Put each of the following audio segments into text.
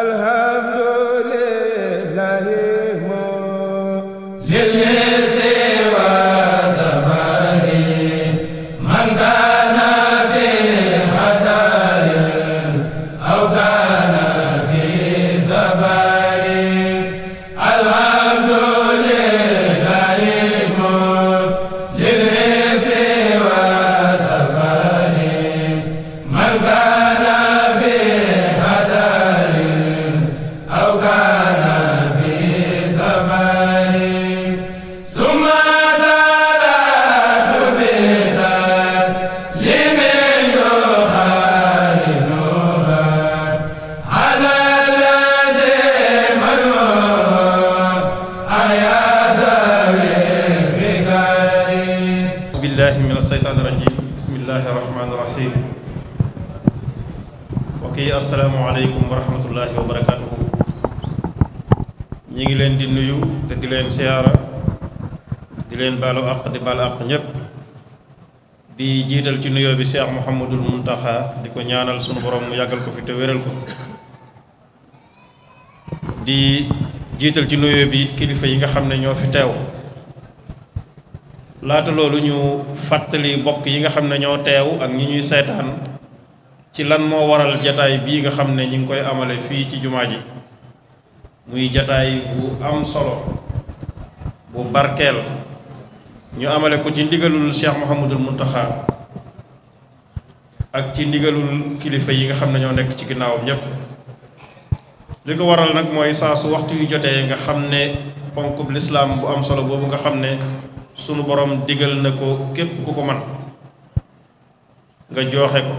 alhamdulillahi ngi leen di nuyu te di leen siyaara di leen baalu àq di baal àq ñépp di jiital ci nuyoo bi Cheikh Mouhamadul Muntaxa di ko ñaanal sunu boroom mu yàggal ko fi te wéral ko di jiital ci nuyoo bi kilifa yi nga xam ne ñoo fi teew laata loolu ñu fàttali bokk yi nga xam ne ñoo teew ak ñi ñuy seetaan ci lan moo waral jataay bii nga xam ne ñi ngi koy amale fii ci jumaa ji muy jataay bu am solo bu barkeel ñu amale ko ci ndigalul Cheikh Mouhamadul Muntaxa ak ci ndigalul kilifa yi nga xam ne ñoo nekk ci ginnaawam ñépp li ko waral nag mooy saa su waxtu yu jotee nga xam ne ponkub lislaam bu am solo boobu nga xam ne sunu boroom digal na ko képp ku ko man nga jooxe ko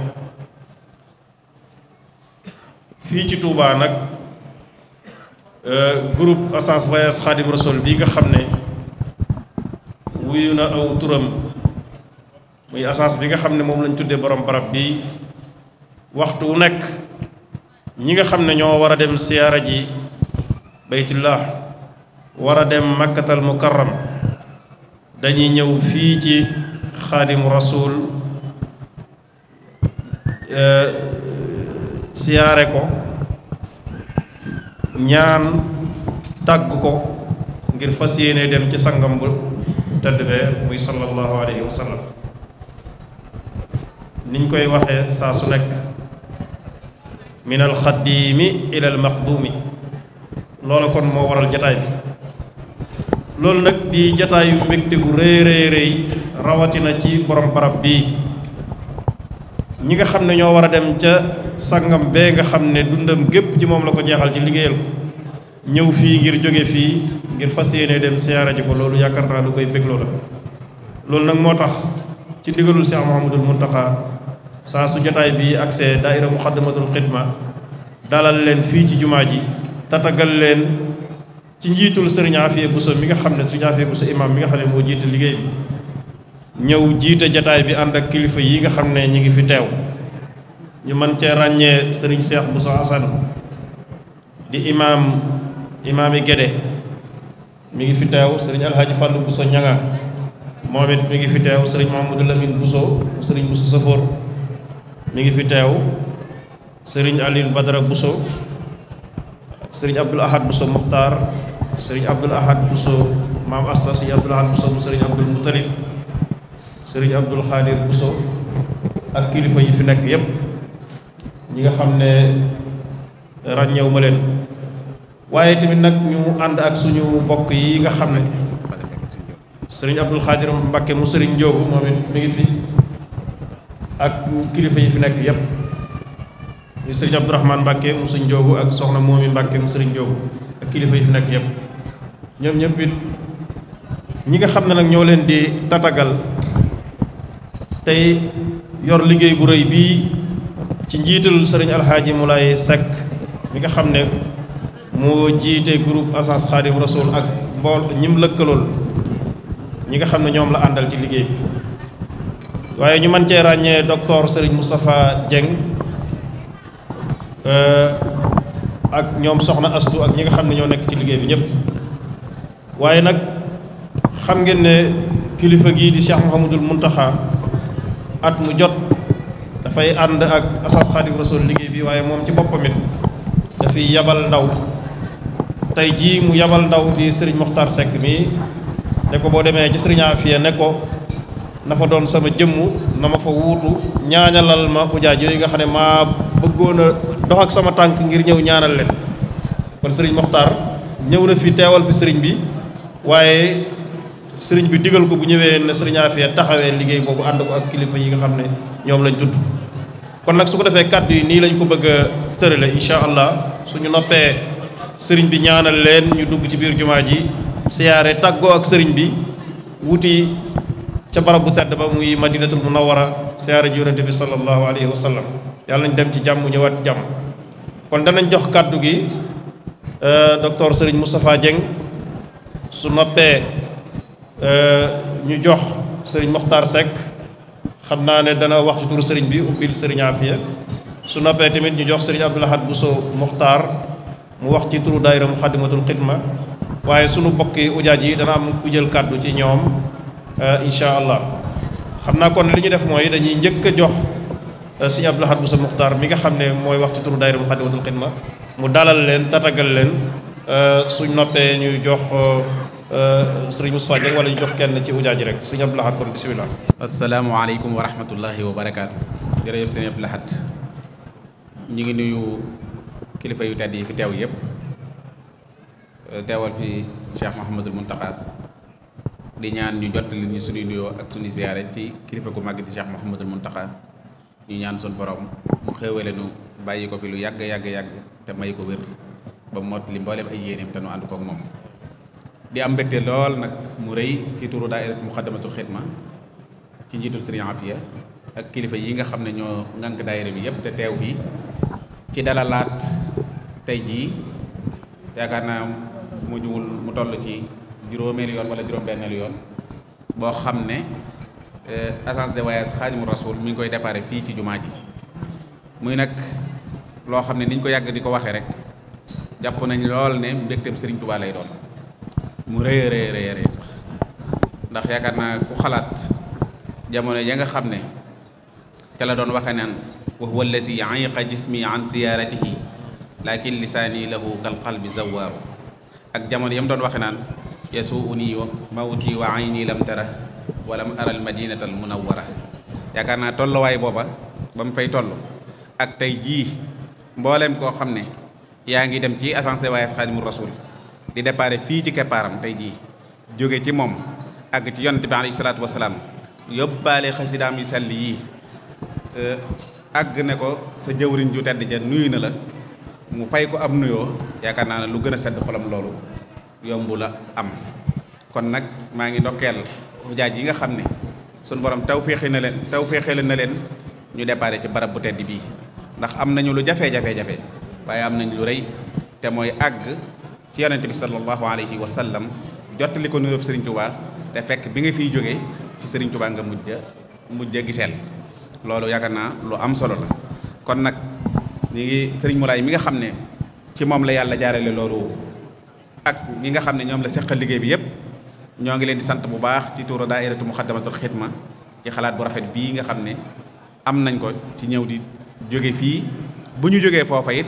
fii ci Tuubaa nag Euh, groupe assance Voyage Xaadim Rasul bi nga xam ne wuyu na aw turam muy assance bi nga xam ne moom lañ tuddee borom barab bi waxtu wu nekk ñi nga xam ne ñoo war a dem siyaara ji baytullah war a dem makkatal mukarram dañuy ñëw fii ci xaadim rasul euh, siyaare ko ñaan tàgg ko ngir fas yéene dem ci sangam bu tëdd bee muy sallallahu alayhi wa sallam niñ koy waxee saa su nekk min alxaddiimi ila almaqduumi loola kon moo waral jataay bi loolu nag di jataayu mbégte gu rëy rëy rawatina ci borom barab bi ñi nga xam ne ñoo war a dem ca sangam bee nga xam ne dundam gépp ci moom la ko jeexal ci liggéeyal ko ñëw fii ngir jóge fii ngir fas yéene dem siyaara ji ko loolu yaakaar naa lu koy bégloo la loolu nag moo tax ci ndigalul Cheikh Mouhamadul Mountakha saa su jotaay bi accès daaira muxaddamatul xidma dalal leen fii ci jumaa ji tatagal leen ci njiitul sëriñ Afia Bousso mi nga xam ne sëriñ Afia Bousso imam mi nga xam ne moo jiite liggéey ñëw jiite jataay bi ànd ak kilifa yi nga xam ne ñu ngi fi teew ñu mën cee ràññee sëriñ Cheikh Boussa Assane di imaam imaami Gédé mu ngi fi teew sëriñ Alhaji Fallou Bousso Ñanga moom it mi ngi fi teew sëriñ Mamadou Lamine Bousso sëriñ Bousso Safoor mi ngi fi teew sëriñ Aliou Badara Bousso sëriñ Abdoul Ahad Bousso maam Asta sëriñ Abdoul Ahad Bousso mu sëriñ Abdoul Moutalib sëriñ Abdul Xaadir Bousso ak kilifa yi fi nekk yépp ñi nga xam ne ràññew ma leen waaye tamit nag ñu ànd ak suñu mbokk yi nga xam ne sëriñ Abdul Xaadir Mbakke mu sëriñ Njoogu moom it mi ngi fi ak kilifa yi fi nekk yépp ñu sëriñ Abdourahman Mbakke mu sëriñ Njoogu ak soxna Moomi Mbakke mu sëriñ Njoogu kilifa yi fi nekk yépp ñoom ñëpp it ñi nga xam ne nag ñoo leen di tatagal tey yor liggéey bu rëy bii ci njiital sëriñ alxaaji Moulaye Seck mi nga xam ne mu njiite groupe Assas Xaadim Rasul ak mbool ñim lëkkalool ñi nga xam ne ñoom la àndal ci liggéey bi waaye ñu man cee ràññee docteur sëriñ Moustapha Dieng euh, ak ñoom soxna astu ak ñi nga xam ne ñoo nekk ci liggéey bi ñëpp waaye nag xam ngeen ne kilifa gii di Cheikh Mouhamadul muntaxa at mu jot dafay ànd ak asas xaadim rasul liggéey bi waaye moom ci boppam dafay yabal ndaw tey jii mu yabal ndaw di sëriñ Moxtaar Seck mi ne ko boo demee ci fi Afia ne ko na fa doon sama jëmm na ma fa wuutu ñaanalal ma ujaaj yooyu nga xam ne maa bëggoon dox ak sama tànk ngir ñëw ñaanal leen kon sëriñ Moxtaar ñëw na fi teewal fi sëriñ bi waaye sëriñ bi digal ko bu ñëwee ne sëriñ Afia taxawee liggéey boobu ànd ko ak kilifa yi nga xam ne ñoom lañu tudd kon nag su ko defee kàddu yi nii lañ ko bëgg a tërale incha allah suñu noppee sëriñ bi ñaanal leen ñu dugg ci biir jumaa ji siyaare tàggoo ak sëriñ bi wuti ca barab bu tedd ba muy madinatul munawwara siyaare ji yonente bi sallallahu alayhi wa sallam yàlla nañ dem ci jàmm ñëwaat jàmm kon danañ jox kàddu gi euh, docteur sëriñ Moustapha Dieng su noppee Euh, ñu jox sëriñ Mokhtar Seck xam naa ne dana wax ci turu sëriñ bi ubbil sëriñ Afia su noppee tamit ñu jox sëriñ Abdou bu Bousso Mokhtar mu wax ci turu daayira Muxaddamatul Xidma waaye sunu bokki ujaaj yi dana am ku jël kàddu ci ñoom euh, incha allah xam naa kon li ñu def mooy dañuy njëkk a jox euh, sëriñ Abdou bu Bousso Mokhtar mi nga xam ne mooy wax ci turu daayira Muxaddamatul Xidma mu dalal leen tatagal leen suñ noppee ñu jox Euh, sëriñ Moussa Diagne wala jox kenn ci ujaaj ji rek sëñ Abdou Lahad kon bisimilah. asalaamaaleykum wa rahmatullahi wa barakaatu. jërëjëf sëñ Abdou laxat ñu ngi nuyu kilifa yu tedd yi fi teew yëpp euh, teewal fi Cheikh Mouhamadul Mountakha di ñaan ñu jot ñu suñuy nuyoo ak suñu ziyaare ci kilifa ku màgg di Cheikh Mouhamadul Mountakha ñu ñaan suñu borom mu xéewale nu bàyyi ko fi lu yàgg yàgg yàgg te may ko wér ba mot li mboolem ay yéeneem te nu ànd koog moom. di am mbégte lool nag mu rëy ci turu daayira muqaddamatul xidma ci njiitul sëriñ Afiya ak kilifa yi nga xam ne ñoo ngànk daayira bi yépp te teew fii ci dalalaat tey jii yaakaar naa mu juwul mu toll ci juróomeelu yoon wala juróom-benneelu yoon boo xam ne eh, agence de voyage Xaadimu Rasuul mi ngi koy déparé fii ci jumaa ji muy nag loo xam ne niñ ko yàgg di ko waxee rek jàpp nañ lool ne mbégteem sëriñ Tuubaa lay doon mu rëy rëy rëy rëy sax ndax yaakaar naa ku xalaat jamono ya nga xam ne te doon waxe naan wa huwa allati ayqa jismi an siyaaratihi lakin lisaani lahu kal qalbi zawaaru ak jamono yam doon waxe naan yasuuni mawti wa ayni lam tara wa lam ara al madinata al munawwara yaakaar naa tolluwaay booba ba mu fay toll ak tey jii mbooleem koo xam ne yaa ngi dem ci ascens de waaye Xaadimu Rasuul di déparé fii ci keppaaram tey jii jóge ci moom àgg ci yonent bi alayhi salaatu wasalaam yóbbaale xasidaam yu sell yii àgg ne ko sa jëwriñ ju tedd ja nuyu na la mu fay ko am nuyoo yaakaar naa ne lu gën a sedd xolam loolu yombu la am kon nag maa ngi ndokkeel xujaaj yi nga xam ne sunu borom taw féexee na leen taw féexee na leen ñu déparé ci barab bu tedd bii ndax am nañu lu jafe-jafe-jafe waaye am nañu lu rëy te mooy àgg ci yonente bi sallallahu alayhi wa sallam jottali ko nuyoob Serigne Touba te fekk bi nga fiy jóge ci Serigne Touba nga mujj a mujj a giseel loolu yaakaar naa lu am solo la kon nag ñu ngi Serigne Moulay mi nga xam ne ci moom la yàlla jaarale loolu ak ñi nga xam ne ñoom la seqal liggéey bi yëpp ñoo ngi leen di sant bu baax ci tuuru daairatu muxaddamatul xidma ci xalaat bu rafet bii nga xam ne am nañ ko ci ñëw di jóge fii bu ñu jógee foofa it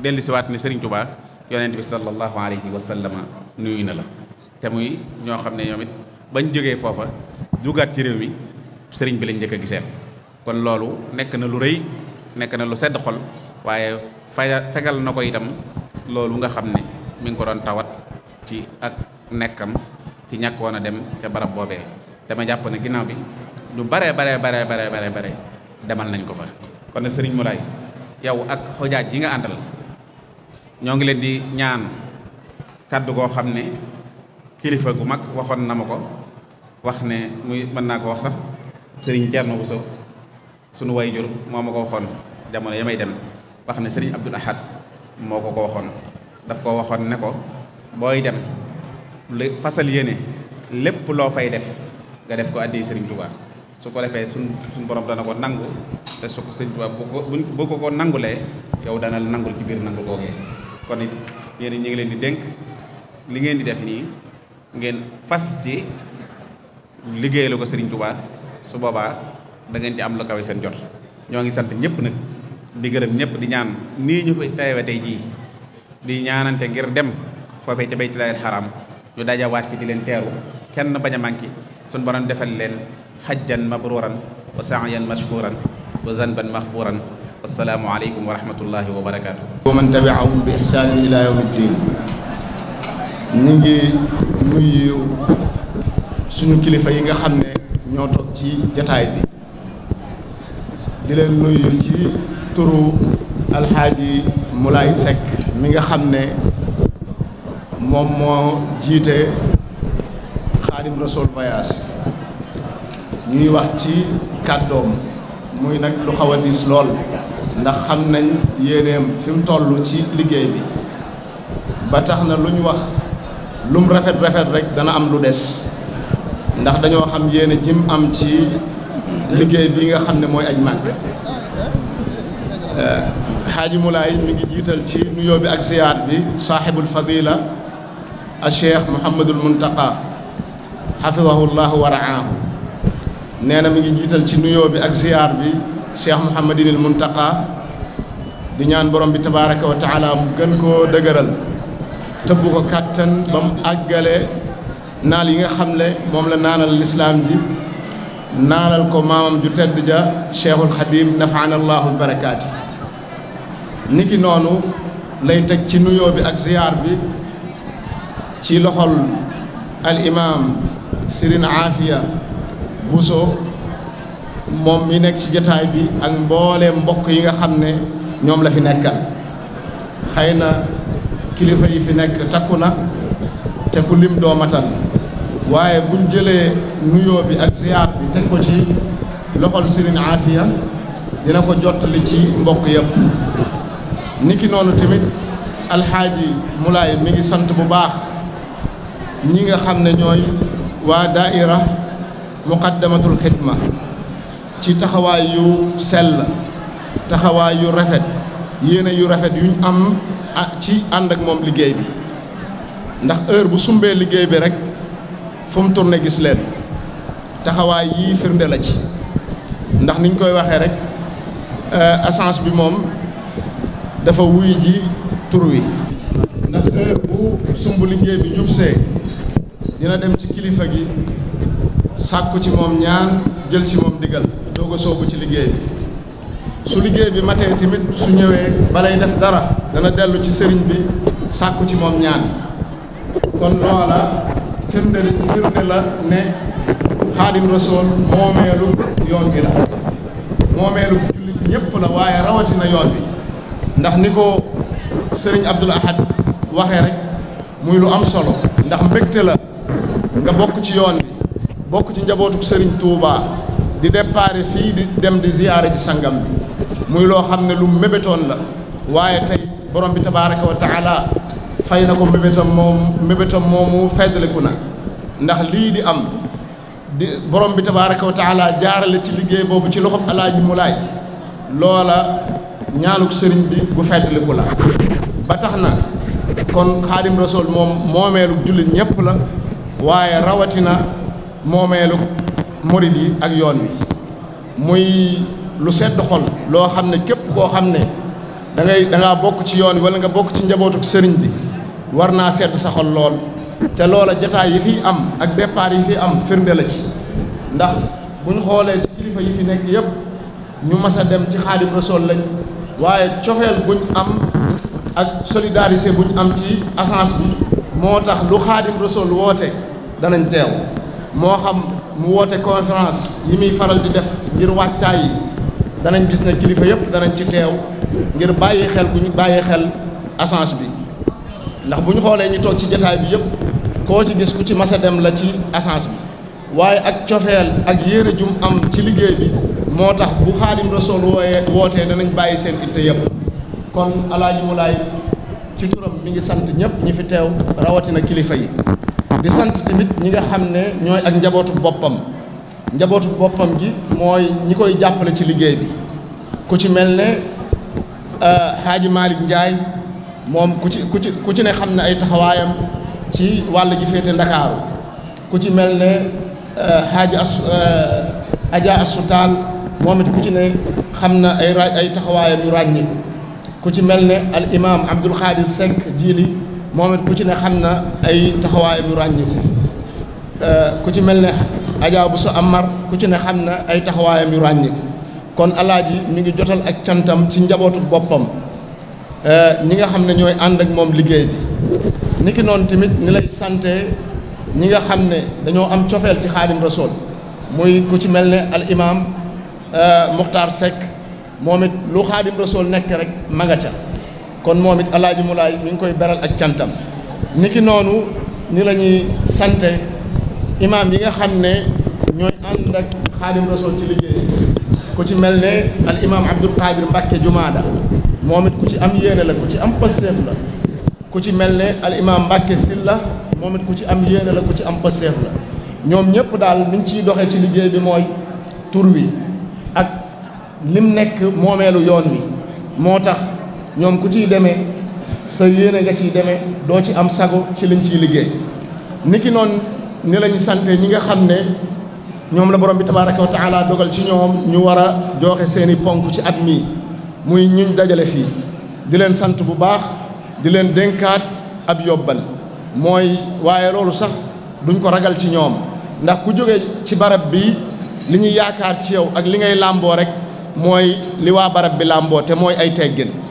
dellu siwaat ne Serigne yonent bi sallallahu alayhi wa sallama nuyu na la te muy ñoo xam ne ñoom bañ jógee foofa dugaat ci réew mi sëriñ bi lañ njëkk a gisee kon loolu nekk na lu rëy nekk na lu sedd xol waaye faya fegal na ko itam loolu nga xam ne mu ngi ko doon tawat ci ak nekkam ci ñàkk woon a dem ca barab boobee dama jàpp ne ginnaaw bi lu baree baree baree baree baree bare demal nañ ko fa kon nag sëriñ Moulay yow ak xojaaj yi nga àndal ñoo ngi leen di ñaan kàddu goo xam ne kilifa gu mag waxoon na ma ko wax ne muy mën naa ko wax sax sëriñ Thierno Bousso sunu wayjur moo ma ko waxoon jamono ya dem wax ne sëriñ Abdul Ahad moo ko ko waxoon daf ko waxoon ne ko booy dem lu fasal yéene lépp loo fay def nga def ko addi sëriñ Touba su ko defee suñ suñ borom dana ko nangu te su ko sëriñ Touba bu ko bu ko ko nangulee yow dana nangul ci biir nangu googee kon it yéen ñu ngi leen di dénk li ngeen di def nii ngeen fas ci liggéeyalu ko Serigne Touba su boobaa da ngeen ci am lu kawe seen jot ñoo ngi sant ñëpp nag di gërëm ñëpp di ñaan nii ñu fi teewe jii di ñaanante ngir dem foofee ca Baytul Haram ñu daja waat fi di leen teeru kenn bañ a manqué suñu borom defal leen xajjan mabruuran wa sa'yan mashkuuran wa zanban maxfuuran assalaamu aleykum wa rahmatullahi man tabiahum bi ihsaanin ila yawmi ddin ngi nuyu suñu kilifa yi nga xam ne ñoo toog ci jataay bi di leen nuyu ci turu alxaaji Moulay Seck mi nga xam ne moom moo jiite Xaadim Rasul voyage ñuy wax ci kàddoom muy nag lu xaw a diis lool ndax xam nañ yéeneem fi mu toll ci liggéey bi ba tax na lu ñu wax lum rafet rafet rek dana am lu des ndax dañoo xam yéene jim am ci liggéey bi nga xam ne mooy aj màgg xaaji eh, mulaay ngi jiital ci nuyoo bi ak ziyaar bi saaxibul fadila a cheikh mouhamadul muntaqa xafidahu llahu wa raahu nee na mi ngi jiital ci nuyoo bi ak ziyaar bi cheikh mouhamadinil muntaqa di ñaan borom bi tabaraka wa taala mu gën koo dëgëral tëbb ko kàttan ba mu àggale naal yi nga xam ne moom la naanal lislaam ji naalal ko maamam ju tedd ja cheikhul xadim nafaana allahu barakaati niki noonu lay teg ci nuyoo bi ak ziyaar bi ci loxol al imam sirin aafiya buso moom mi nekk ci jataay bi ak mboolee mbokk yi nga xam ne ñoom la fi nekkal xëy na kilifa yi fi nekk takku na te ku lim doo matan waaye buñ jëlee nuyoo bi ak si bi teg ko ci loxol Sëriñ Aafiya dina ko jottali ci mbokk yëpp niki noonu tamit alxaaji Mulaay mi ngi sant bu baax ñi nga xam ne ñooy waa ira muqaddamatul xidma ci taxawaay yu sell taxawaay yu rafet yéene yu rafet yuñ am ci ànd ak moom liggéey bi ndax heure bu sumbee liggéey bi rek fu mu gis leen taxawaay yi firnde la ci ndax niñ koy waxee rek assance euh, bi moom dafa wuy ji tur wi ndax heure bu sumb liggéey bi jubsee dina dem ci kilifa gi sàkku ci moom ñaan jël ci moom digal bëgg a soobu ci liggéey bi su liggéey bi matee tamit su ñëwee balay def dara dana dellu ci sëriñ bi sàkku ci moom ñaan kon loola firnde firnde la ne xaadim rasool moomeelu yoon gi la moomeelu jullit ñëpp la waaye rawatina yoon bi ndax ni ko sëriñ Abdul Ahad waxee rek muy lu am solo ndax mbégte la nga bokk ci yoon bi bokk ci njabootu sëriñ Touba. di déparé fii di dem di ziyaare ji sangam bi muy loo xam ne lu mébétoon la waaye tey borom bi tabaaraka wa taala fay na ko mébétam moom mébétam moomu feddaliku na ndax lii di am di borom bi tabaaraka wa taala jaarale ci liggéey boobu ci loxob mu mulaay loola ñaanuk sëriñ bi gu feddaliku la ba na kon xaadim rasool moom moomeeluk jullit ñépp la waaye rawatina moomeeluk murid yi ak yoon wi muy lu sedd xol loo xam ne képp koo xam ne dangay ngay bokk ci yoon wi wala nga bokk ci njabootuk sëriñ bi war naa sedd sa xol lool te loola jataay yi fiy am ak départ yi fi am firnde la ci ndax buñ xoolee ci kilifa yi fi nekk yëpp ñu mas dem ci Xaadimu Rasuul lañ waaye cofeel buñ am ak solidarité buñ am ci assance bi moo tax lu Xaadimu Rasuul woote danañ teew moo xam mu woote conférence yi muy faral di def ngir wàccaay yi danañ gis ne kilifa yëpp danañ ci teew ngir bàyyi xel bu ñu bàyyi xel assance bi ndax bu ñu xoolee ñu toog ci jataay bi yëpp koo ci gis ku ci mas a dem la ci assance bi waaye ak cofeel ak yére jum am ci liggéey bi moo tax bu Xaadim Rasuul wooyee wootee danañ bàyyi seen itte yëpp kon Alaaji Mulaay ci turam mi ngi sant ñëpp ñi fi teew rawatina kilifa yi di sant tamit ñi nga xam ne ñooy ak njabootu boppam njabootu boppam gi mooy ñi koy jàppale ci liggéey bi ku ci mel ne Xaaji euh, Malick njaay moom ku ci ku ci ku ci ne xam ne ay taxawaayam ci wàll ji féete Ndakaaru ku ci mel ne Xaaji euh, As euh, Adja Asutaal moom it ku ci ne xam na ay ay taxawaayam yu ràññi ku ci mel ne al imaam Abdul Xaadir Seck jiili moom it ku ci ne xam na ay taxawaayam yu ràññiku euh, ku ci mel ne Adja Bousso Amar ku ci ne xam na ay taxawaayam yu ràññiku kon alaaji mi ngi jotal ak cantam ci njabootu boppam euh, ñi nga xam ne ñooy ànd moom liggéey niki noonu tamit ni sante ñi nga xam ne dañoo am cofeel ci xaadim resol muy ku ci mel ne al imaam euh, Muxtaar Sekk moom it lu xaadim rasool nekk rek ma ca kon moom it alaaji mulaay mi ngi koy beral ak cantam niki noonu ni lañuy ñuy sante imaam yi nga xam ne ñooy ànd ak xaadim rasul ci liggéey ku ci mel ne al imaam abdul qadir mbàkke jumaada moom it ku ci am yéene la ku ci am pësteef ku ci mel ne al imaam mbàkke silla moom it ku ci am yéene la ku ci am pësteef ñoom ñëpp daal niñ ciy doxe ci liggéey bi mooy tur wi ak lim nekk moomeelu yoon wi moo tax ñoom ku ci demee sa yéene nga ciy demee doo ci am sago ci liñ ciy liggéey niki noonu ni lañ sante ñi nga xam ne ñoom la borom bi tabaaraka wa taala dogal ci ñoom ñu war a joxe seeni ponk ci at mii muy ñiñ dajale fii di leen sant bu baax di leen dénkaat ab yobbal mooy waaye loolu sax duñ ko ragal ci ñoom ndax ku jóge ci barab bi li ñuy yaakaar ci yow ak li ngay làmboo rek mooy li waa barab bi làmboo te mooy ay teggin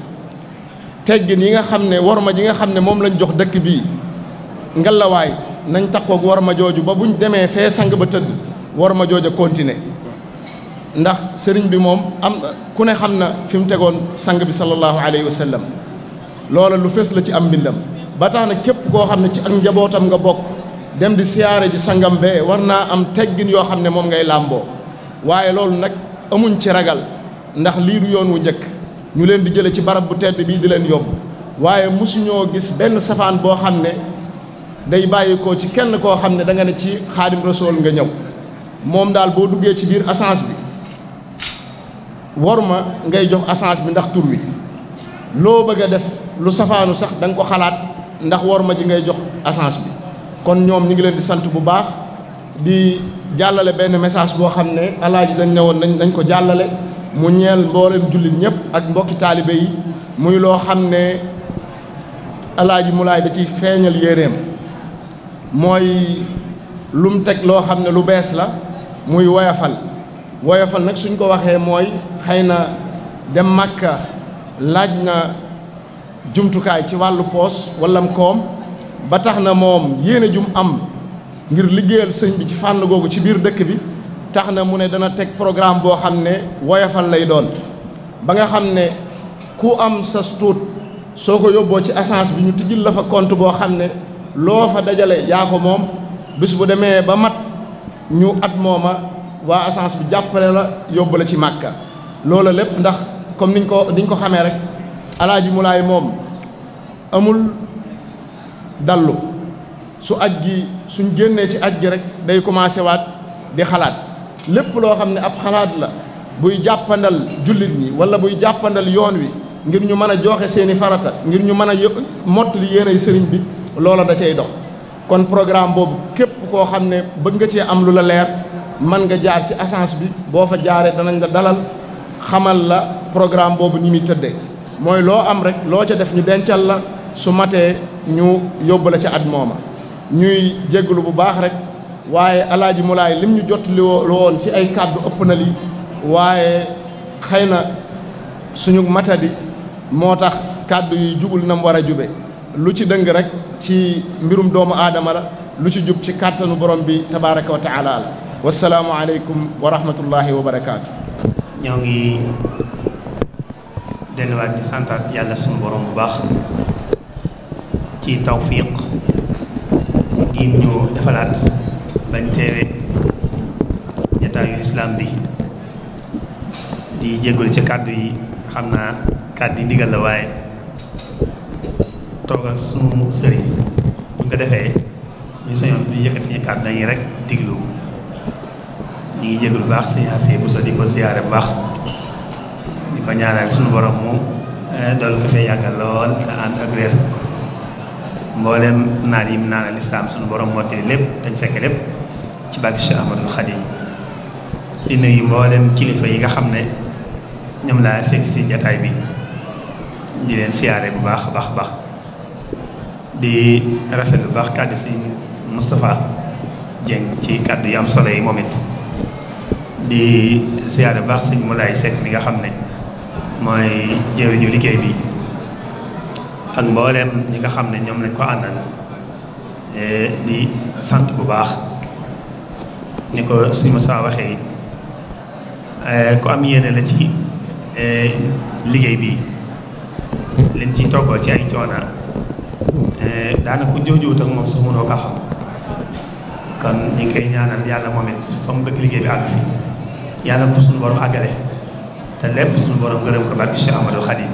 teggin yi nga xam ne warma ji nga xam ne moom lañ jox dëkk bii ngelawaay nañ takkoog warma jooju ba buñ demee fee sang ba tëdd warma jooja continuer ndax sëriñ bi moom am ku ne xam na fi mu tegoon sang bi sallallahu alayhi wa sallam loola lu fees la ci am mbindam ba tax képp koo xam ne ci ak njabootam nga bokk dem di siyaare ji sangam bee war naa am teggin yoo xam ne moom ngay làmboo waaye loolu nag amuñ ci ragal ndax lii yoon wu njëkk ñu leen di jële ci barab bu tedd bii di leen yóbbu waaye mosuñoo gis benn safaan boo xam ne day bàyyi ko ci kenn koo xam ne da nga ne ci xaadim rasool nga ñëw moom daal boo duggee ci biir assance bi war ma ngay jox assance bi ndax tur wi loo bëgg a def lu safaanu sax da ko xalaat ndax war ma ji ngay jox assance bi kon ñoom ñu ngi leen di sant bu baax di jàllale benn message boo xam ne alaaji dañ nawoon nañ nañ ko jàllale mu ñeel mboolem jullit ñëpp ak mbokki taalibe yi muy loo xam ne alaaji mulaay da ciy feeñal yéeréem mooy lum teg loo xam ne lu bees la muy woyafal woyafal nag suñ ko waxee mooy xëy na dem màkka laaj na jumtukaay ci wàllu poos wallam koom ba tax na moom yéene jum am ngir liggéeyal sëñ bi ci fànn googu ci biir dëkk bi tax na mu ne dana teg programme boo xam ne woyafal lay doon ba nga xam ne ku am sa tuut soo ko yóbboo ci agence bi ñu tijjil la fa compte boo xam ne loo fa dajale yaako moom bis bu demee ba mat ñu at mooma waa agence bi jàppale la yóbbu la ci màkka loola lépp ndax comme niñ ko niñ ko xamee rek alaaji mulaay moom amul dallu su aj gi suñ génnee ci aj gi rek day commencé waat di xalaat lépp loo xam ne ab xalaat la buy jàppandal jullit ñi wala buy jàppandal yoon wi ngir ñu mën a joxe seeni farata ngir ñu mën a mottali yéenay sëriñ bi loola da cay dox kon programme boobu képp koo xam ne bëgg nga cee am lu la leer mën nga jaar ci agence bi boo fa jaaree danañ la dalal xamal la programme boobu ni muy tëddee mooy loo am rek loo ca def ñu dencal la su matee ñu yóbbu la ca at mooma ñuy jégalu bu baax rek waaye alaaji mulaay lim ñu jot li woon ci ay kàddu ëpp na lii waaye xëy na suñu matadi moo tax kàddu yi jubul nam war a jube lu ci dëng rek ci mbirum doomu aadama la lu ci jub ci kàttanu borom bi tabaaraka wa taala la wasalaamu aleykum wa rahmatullahi wa barakaatu ñoo ngi delluwaat di santaat yàlla suñu borom bu baax ci tawfiq gi ñu defalaat bañ teewee jataayu lislaam bi di jégalu ci kàddu yi xam naa kàddu yi ndigal la waaye toogal sunu sëriñ bu ko defee ñu sañoon ñu yëkkat suñu kàddu dañuy rek diglu ñu ngi baax si affaire bu sa di ko ziyaare bu baax di ko ñaanal sunu borom mu eh, dool ko fee yàggal lool te ànd ak wér mboolem naan yi mu naan lislaam sunu borom mottali lépp dañ fekk lépp ci bàkki Cheikh Ahmadul Xadim di nuyu mboolem kilifa yi nga xam ne ñoom laa fekk ci jataay bi di leen siyaare bu baax baax baax di rafet bu baax kàddu si Moustapha Dieng ci kàddu yu am solo yi moom it di siyaare bu baax sëñ Moulay Seck mi nga xam ne mooy jëriñu liggéey bi ak mbooleem ñi nga xam ne ñoom lañ ko àndal eh, di sant bu baax ni ko suñu saa waxee eh, ku am yéene la ci eh, liggéey bi leen ciy toggoo ci ay coona eh, daanaka ku jëw-jëwut ak moom sax mënoo kaa xam kon ñu koy ñaanal yàlla moom it fa mu bëgg liggéey bi àgg fi yàlla ko suñu borom àggale te lépp suñu borom gërëm ko barke Cheikh Amadou Khadim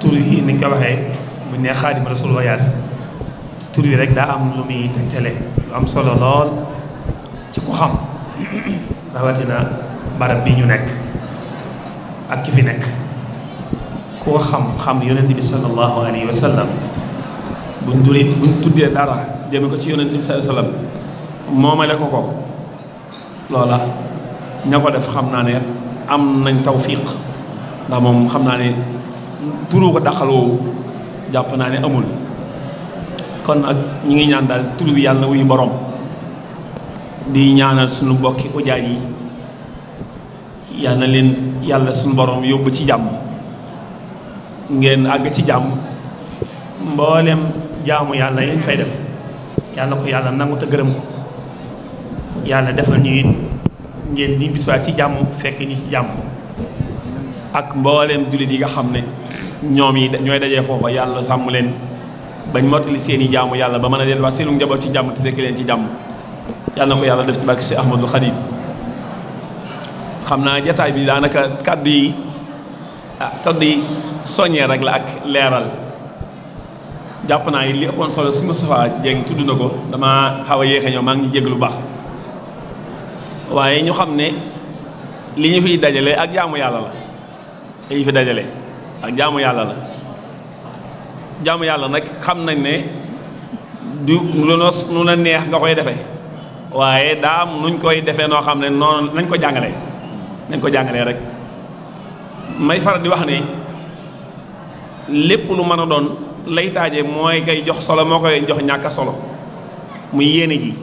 tur yi ni ko waxee bu ne nee Xaadimu Rasuul wayaas tur yi rek daa am lu muy tegtale am solo lool ci ku xam rawatina barab bi ñu nekk ak ki fi nekk ko xam xam yonent bi sallallahu alayhi wa sallam buñ duri buñ tuddee dara jëme ko ci yonent bi sallallahu alayhi wa sallam moomale ko ko loola ña ko def xam naa ne am nañ tawfiq ndax moom xam naa ne turu ko daqaloo jàpp naa ne amul kon nag ñu ngi ñaan daal tur bi yàlla wuy boroom di ñaanal suñu mbokki ujaaj yi yàlla leen yàlla suñu boroom yóbbu ci jàmm ngeen àgg ci jàmm mboolem jaamu yàlla yi fay def yàlla ko yàlla nangu te gërëm ko yàlla defal ñu it ngeen ni bisuwaat ci jàmm fekk ñu ci jàmm ak mbooleem jullit yi nga xam ne ñoom yi ñooy dajee foofa yàlla sàmm leen bañ mottali seen i jaamu yàlla ba mën a delluwaat seenu njaboot ci jàmm te fekk leen ci jàmm yàlla na ko yàlla def ci barke si Ahmadul Xadim xam naa jataay bi daanaka kaddu yi ah kaddu yi soññee rek la ak leeral jàpp naa yi li ëppoon solo si Moustapha Dieng tudd na ko dama xaw a yéexe ñoo maa ngi jégg lu baax waaye ñu xam ne li ñu fiy dajale ak jaamu yàlla la li ñu fi dajale ak jaamu yàlla la jaamu yàlla nag xam nañ ne du lu nos la neex nga koy defe waaye daa am nuñ koy defee noo xam ne noonu nañ ko jàngalee nañ ko jàngalee rek may faral di wax ne lépp lu mën a doon laytaaje mooy kay jox solo moo koy jox ñàkk solo muy yéene ji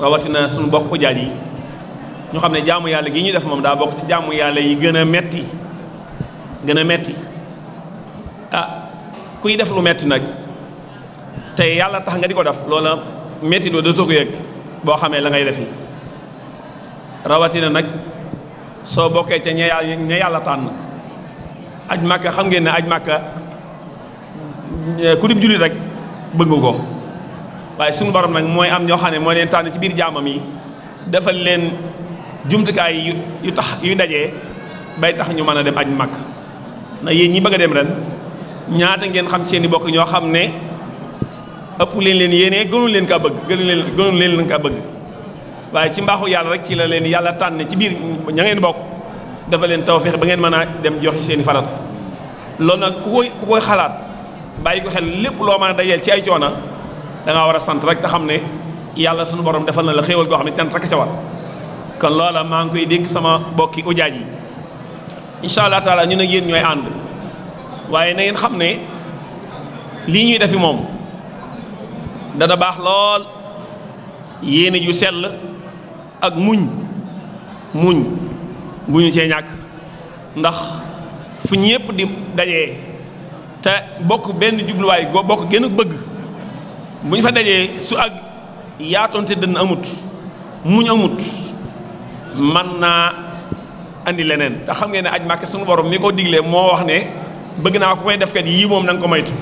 rawatina suñu bokk ujaaj yi ñu xam ne jaamu yàlla gi ñu def moom daa bokk ci jaamu yàlla yi gën a metti gën a metti ah kuy def lu metti nag te yàlla tax nga di ko def loola metti doo dootoo ko yëg boo xamee la ngay def defi rawatina nag soo bokkee ca ña yàlla ña tànn aj màkka xam ngeen ne aj màkka ku dib jullit rek bëggu ko waaye suñu borom nag mooy am ñoo xam ne moo leen tànn ci biir jaamam yi defal leen jumtukaay yu tax yu dajee bay tax ñu mën a dem aj màkk na yéen ñi bëgg a dem ren ñaata ngeen xam seen i bokk ñoo xam ne ëpp leen leen yéene gënu leen kaa bëgg gënu leen gënu leen kaa bëgg waaye ci mbaaxu yàlla rek ci la leen yàlla tànn ci biir ña ngeen bokk dafa leen taw tawféex ba ngeen mën a dem joxe seeni i farat loolu nag ku koy ku koy xalaat bàyyi ko xel lépp loo mën a dajeel ci ay coona da ngaa war a sant rek te xam ne yàlla suñu borom defal na la xéewal goo xam ne tent rek ca war kon loola maa ngi koy dénk sama bokki ujaaj yi incha allah ñu ne yéen ñooy ànd waaye na xam ne lii ñuy def defi moom dana baax lool yéene ju sell ak muñ muñ bu ñu cee ñàkk ndax fu ñépp di dajee te bokk benn jubluwaay goo bokk gën a bëgg bu fa dajee su ak yaatoonte dënn amut muñ amut man naa indi leneen te xam ngeen ne aj màkk suñu borom mi ko digle moo wax ne bëgg naa ko koy def kat yii moom na ko moytu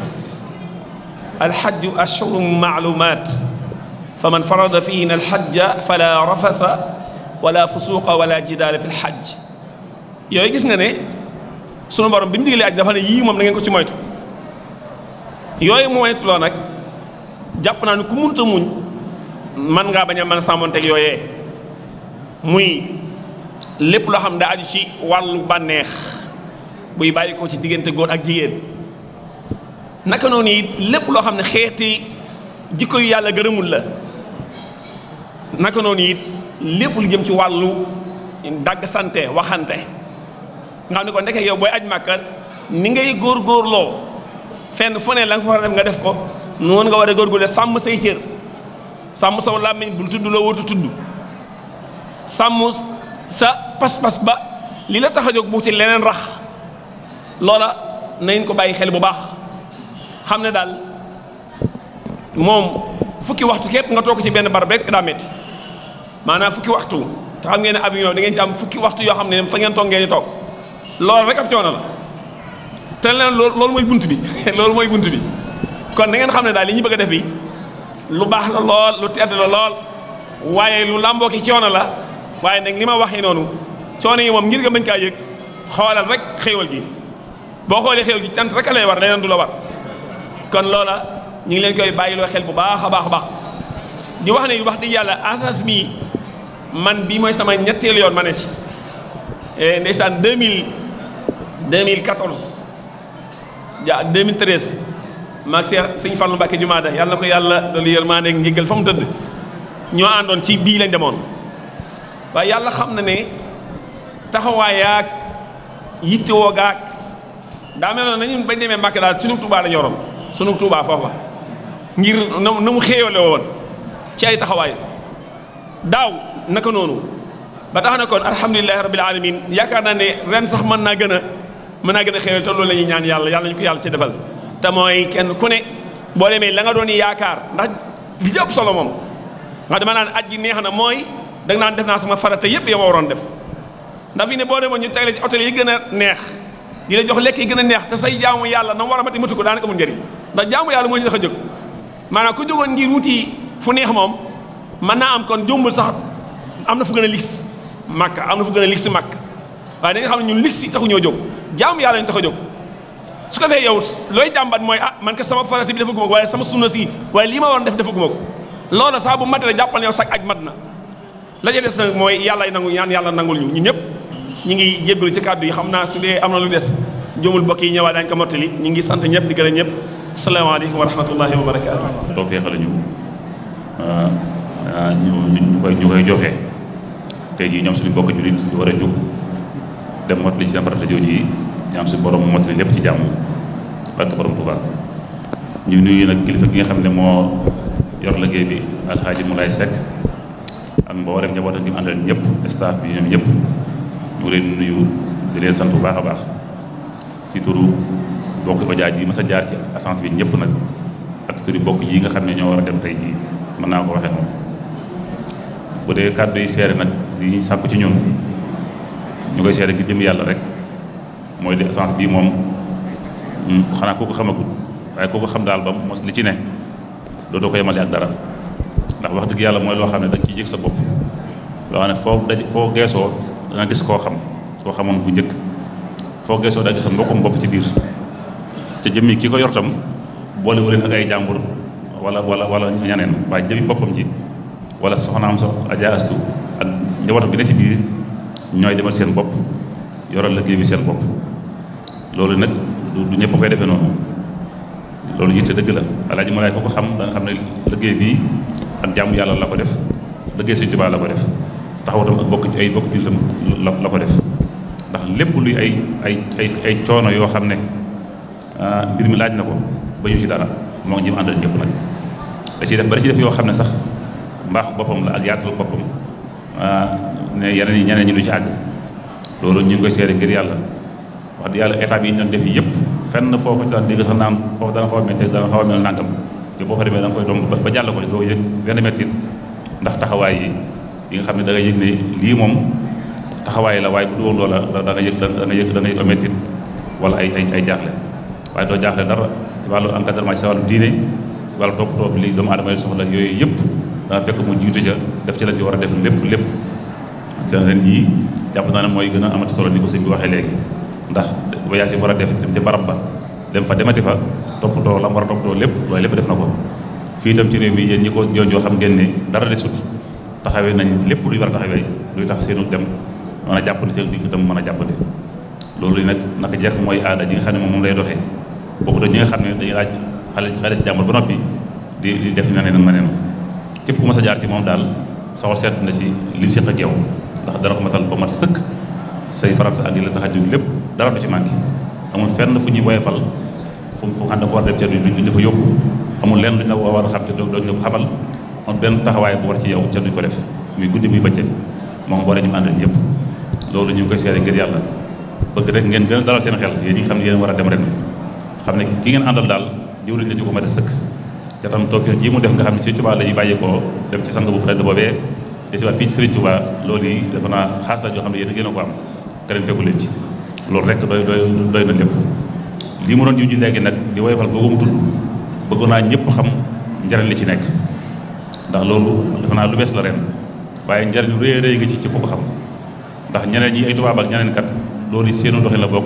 alxajju ashhurun maalumaat fa man farada fihin alxajja fala rafasa wala fusuqa wala jidaala fi lxajj yooyu gis nga ne sunu borom bi mu digalee aj dafa ne yii moom na ko ci moytu yooyu mu moytu loo nag jàpp naa ni ku munta muñ man ngaa bañ a man a sàmmonteeg yooyee muy lépp loo xam daa aju ci wàllu bànneex buy bàyyi ko ci diggante góor ak jigéen naka noonu it lépp loo xam ne xeeti jikko yu yàlla gërëmul la naka noonu it lépp lu jëm ci wàllu dagg sante waxante nga xam ne ko ndeke yow booy aj màkka ni ngay góor góorloo fenn fone la nga fa war a def nga def ko noonu nga war a góorgóorle sàmm say cër sàmm saw làmmiñ bul tudd loo wóotu tudd sàmm sa pas-pas ba li la tax a jóg bu ci leneen rax loola nañ ko bàyyi xel bu baax xam ne daal moom fukki waxtu képp nga toog ci benn barab rek daa métti maanaam fukki waxtu te xam ngeen ne avion da ngeen ci am fukki waxtu yoo xam ne fa ngeen toog ngeen di toog loolu rek ab coono la te leen loolu mooy bunt bi loolu mooy bunt bi kon da ngeen xam ne daal li ñu bëgg a def bi lu baax la lool lu tedd la lool waaye lu làmboo ki coono la waaye nag li ma wax noonu coono yi moom ngir nga mën kaa yëg xoolal rek xéewal gi boo xoolee xew ji cant rek lay war leneen du la war kon loola ñu ngi leen koy bàyyiloo xel bu baax a baax baax di wax ne wax dëgg yàlla asas mii man bii mooy sama ñetteelu yoon ma ne ci eh, ndeysaan 2000 2014 ja 2013 maag Cheikh Sëñ Fallou Mbacke Jumaada yàlla na ko yàlla dolli yërmaande ak njëggal fa mu tëdd ñoo àndoon ci bii lañ demoon waaye yàlla xam na ne taxawaayaak yittewoo gaak daa mel noonu nañu bañ demee Mbàkke daal sunu Tuubaa la ñoroon sunu Tuubaa foofa ngir na mu xéewale woon ci ay taxawaay daaw naka noonu ba tax na kon alhamdulilahi rabbil alamin yaakaar naa ne ren sax mën naa gën mën naa gën a xéewal te loolu la ñuy ñaan yàlla yàlla ñu ko yàlla ci defal te mooy kenn ku ne boo demee la nga doon yi yaakaar ndax li jëpp solo moom dem dama naan aj gi neex na mooy da naan def naa sama farata yëpp yow ma waroon def ndax gën a neex di la jox lekk yi gën a neex te say jaamu yàlla na war a mati matu ko daanaka amul njëriñ ndax jaamu yàlla mooy ñu tax a jóg maanaam ku jógoon ngir wuti fu neex moom mën naa am kon jombul sax am na fu gën a ligis màkk am na fu gën a ligis màkk waaye da nga xam ne ñun ligis yi taxu ñoo jóg jaamu yàlla ñu tax a jóg su ko fee yow looy jàmbat mooy ah man ka sama farata bi defaguma ko waaye sama sunna si waaye lii ma waroon def defaguma ko loola saa bu matee jàppal ne yow sax aj na la ja des mooy yàlla nangu ñaan yàlla nangul ñu ñëpp ñu ngi jéggalu ci kàddu yi xam naa su dee am na lu des jomul bokk yi ñëwaat daañu ko mottali ñu ngi sant ñëpp di gërëm ñëpp salaamaaleykum wa rahmatullahi wa la ah, ñu ñu ñu koy ñu koy joxe ñoom suñu mbokk jullit ñu war a jóg dem mottali seen farata jooju ñaam suñu borom mottali lépp ci jàmm barke borom Tuubaa ñu nuyu nag kilifa gi nga xam ne moo yor liggéey bi alxaaji Moulay Seck ak mboolem njabootam gi mu àndal ñëpp staff bi ñoom ñëpp. ñu ngi leen nuyu di leen sant bu baax a baax ci turu bokk ojaaj yi mas a jaar ci assance bi ñëpp nag ak turu bokk yi nga xam ne ñoo war a dem tey jii mën naa ko waxee moom bu dee kàddu yi seere nag li sàkku ci ñun ñu koy seere gi jëm yàlla rek mooy de assance bii moom hmm, xanaa koo ko xamagul waaye koo ko xam daal ba mos li ci ne doo ko yemale ak dara ndax wax dëgg yàlla mooy loo xam ne da nga ciy yëg sa bopp loo xam ne foo daj foo geesoo danga gis koo xam koo xamoon bu njëkk foo geesoo daa gis sa mbokkum bopp ci biir te jëmmi kii ko yor tam boolewu leen ak ay jàmbur wala wala wala ñaneen waaye jëmmi boppam ji wala soxnaam sax Adja Astu ak njabootam bi ne ci biir ñooy demal seen bopp yoral liggéey bi seen bopp loolu nag du ñëpp koy defee noonu loolu yitte dëgg la alaaji malaay ko ko xam da nga xam ne liggéey bii ak jàmm yàlla la ko def liggéey Sëñ Tuubaa la ko def taxawatam ak bokk ci ay bokk jullitam la la ko def ndax lépp luy ay ay ay coono yoo xam ne ah, mbir mi laaj na ko ba ñu ci dara moo ngi ñi àndal ñëpp nag da ciy ba da yoo xam ne sax mbaax boppam la ak yaatal boppam ah, ne yeneen yi ñeneen ñi du ci àgg loolu ñu ngi koy seere ngir yàlla yàlla état bi ñu def yëpp fenn foo ko ci daan dégg sax naan foofu dana xaw a métti xaw a mel nangam te boo da nga koy dong ba jàll ko doo yëg benn mettit ndax taxawaay yi yi nga xam ne da nga ne lii moom taxawaay la waaye bu duwoon loola da nga yëg da nga yëg da nga yëg métit ay ay ay jaaxle waaye doo jaaxle dara ci wàllu encadrement ci wàllu diine ci wàllu toppatoo bi lii doomu aadama soxla yooyu yëpp dana fekk mu jiitu ca def ci lañ ci war a def lépp lépp te ren jii jàpp naa ne mooy gën a amati solo ni ko sëñ bi waxee léegi ndax voyage yi war a def dem ci barab ba dem fa demati fa toppatoo la mu war a toppatoo lépp loolu lépp def na ko fii itam ci réew mi ñi ko joojoo xam ngeen ne dara de sut taxawee nañ lépp luy war a taxawee luy tax seenu dem mën a jàppandi seen dikk tam mën a jàppandi loolu nag naka jeex mooy aada ji nga xam ne moom lay doxee bokkut ak ñi nga xam ne dañuy laaj xale xale si jàmbur ba noppi di di na neen na neen képp ku mas a jaar moom daal soxal seet na ci lim seq a yow ndax dana ko matal ba mat sëkk say farata ak yi la tax lépp dara du ci manqué amul fenn fu ñuy woyefal fu fu xam ne ko war dem ca duñ dafa yóbbu amul lenn lu ñu la war a xam te dooñu la ko xamal am benn taxawaay bu war ci yow ca duñ ko def muy guddi muy bëccëg moom boole ñu àndal ñëpp loolu ñu ngi koy seere ngir yàlla bëgg rek ngeen gën a seen xel yéen ñi nga xam ne yéen war a dem ren xam ne ki ngeen àndal daal jiwriñ la ju ko ma a sëkk ca tam tawfiix jii mu def nga xam ne si Tuubaa lañuy bàyyi ko dem ci sang bu prend boobee de si waat fii ci Sëriñ loolu yi dafa naa xaas la joo xam ne yéen a ko am te leen fekku loolu rek doy doy doy na lépp li mu doon jiw ji léegi nag di woyofal googu mu tudd bëggoon naa ñëpp xam njariñ li ci nekk ndax loolu defe naa lu bees la ren waaye njariñu rëy rëy nga ci ci ko xam ndax ñeneen yi ay tubaab ak ñeneen kat loolu seenu doxin la bokk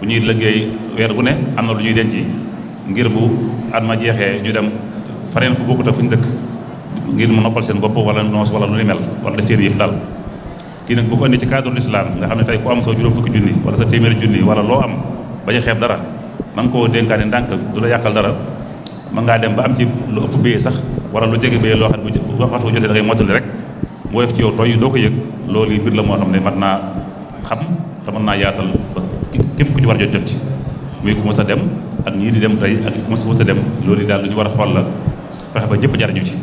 bu ñuy liggéey weer bu ne am na lu ñuy denc ngir bu at ma jeexee ñu dem faneen fu bokkut a fuñ dëkk ngir mu noppal seen bopp wala noos wala lu ni mel wala da seen yëf daal kii nag bu ko indi ci cadre l'islam nga xam ne tey ku am sa juróom fukki junni wala sa téeméeri junni wala loo am baña xeeb dara man koo dénkaane ndànk du la yàqal dara man ngaa dem ba am ci lu ëpp bee sax wala lu jege bee loo xam ne bu waxtu jotee da ngay mottali rek mu def ci yow tooy doo ko yëg loolu mbir la moo xam ne mat naa xam te mën naa yaatal ba képp ku ci war a jot jot ci muy ku dem ak ñii di dem tey ak ku mës a a dem loolu daal lu ñu war a xool la fexe ba ñëpp jariñu ci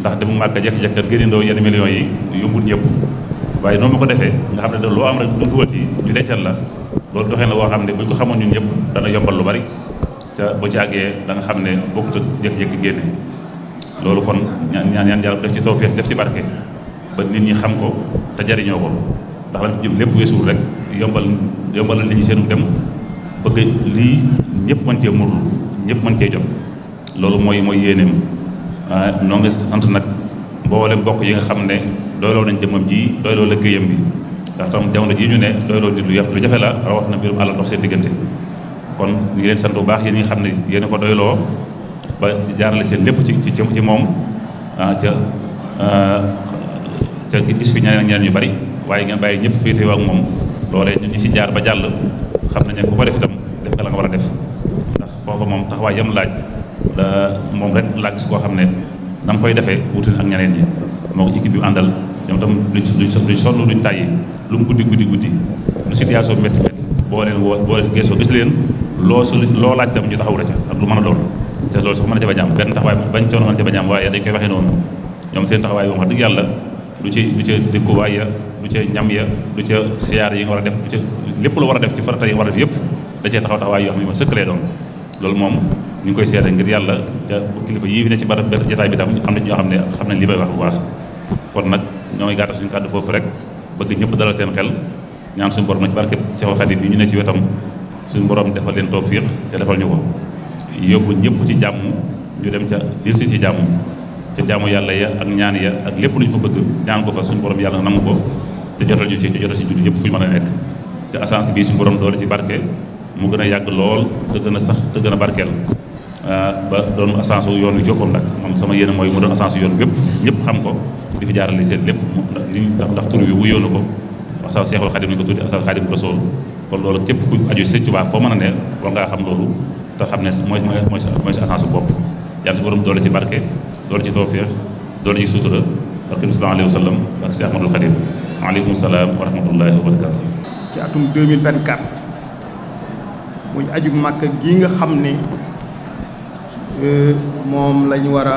ndax demu màgg jekk-jekk ak yenn millions yi yombul ñëpp waaye noonu ma ko defee nga xam ne loo am rek duduwat yi ñu dencal la loolu doxee na woo xam ne bu ñu ko xamoon ñun ñëpp dana yombal lu bari te bu ci àggee da nga xam ne bokkut ak jékki-jékki génne loolu kon ñaan ñaan yàlla def ci tawfeex def ci barke ba nit ñi xam ko te jariñoo ko ndax lan jëm lépp weesul rek yombal yombalal nit ñi seenu dem lii ñëpp mën cee murlu ñëpp mën cee jot loolu mooy mooy yéeneem ah, noo ngi sant nag mboolem bokk yi nga xam ne doyloo nañ jëmmam ji doyloo liggéeyam bi ndax tam jamono jii ñu ne doyloo di lu yàpp lu jafe la rawat na mbirum àlla dox seen diggante kon ñu ngi leen sant bu baax yéen ñi xam ne yéen a ko doyloo ba jaarale seen lépp ci ci ci moom ah ca ah, ca gis fi ñeneen ñeneen yu bari waaye nga bàyyi ñëpp féetewoo ak moom loolee ñu ci jaar ba jàll xam nañ ne ku ko def itam def nga la nga war a def ndax foofa moom taxawaay yam laaj la moom rek laa gis koo xam ne na koy defee wutin ak ñeneen yi moo ko équipe bi àndal ñoom tam duñ duñ sonn duñ tàyyi lu mu guddi guddi guddi lu situation métti métti boo leen woo boo leen geesoo gis leen loo su loo laaj tam ñu taxaw la ca ak lu mën a te lool sax mën na ca bañ am benn taxawaay bañ coono mën ca bañ am waaye dañ koy waxee noonu ñoom seen taxawaay moom wax dëgg yàlla du ci du ca dëkkuwaay ya du ca ñam ya du ca siyaar yi nga war a def du ca lépp lu war a def ci farata yi war a def yëpp da cee taxaw taxawaay yoo xam ne ma sëkkalee moom ñu koy seete ngir yàlla te kilifa yii fi ne ci barab jotaay bi tam am na ñoo xam ne xam nañ li may wax bu baax kon nag ñoo ngi gàttal suñu kàddu foofu rek bëgg ñëpp dalal seen xel ñaan suñu borom na ci barkeb Seexul Xadiim bi ñu ne ci wetam suñu borom defal leen tawfiix te defal ñu ko yóbbu ñëpp ci jàmm ñu dem ca dir si ci jàmm ca jàmm yàlla ya ak ñaan ya ak lépp lu ñu fa bëgg ñaan ko fa suñu borom yàlla nangu ko te jotal ñu ci te jotal ci jullit ñëpp fu ñu mën a nekk te assance bii suñu borom doole ci barke mu gën a yàgg lool te gën a sax te gën a barkeel ah, ba doon assance wu yoon wi jokkoon nag moom sama yéene mooy mu doon assance wu yoon bi ñëpp xam ko di fi jaarale seen lépp li ndax ndax tur wi wu yoonu ko assance Seexul Xadim ñu ko tuddi assance Xadim Rasul kon loolu képp a ne te xam ne mooy mooy sa mooy sa agence bopp yàlla si borom doole ci barke doole ci toofeex doole ci sutura barke bi sallallahu si Ahmadul Xadim aleykum salaam wa rahmatullahi ci atum muy aju màkk gi nga xam ni euh, moom lañu war a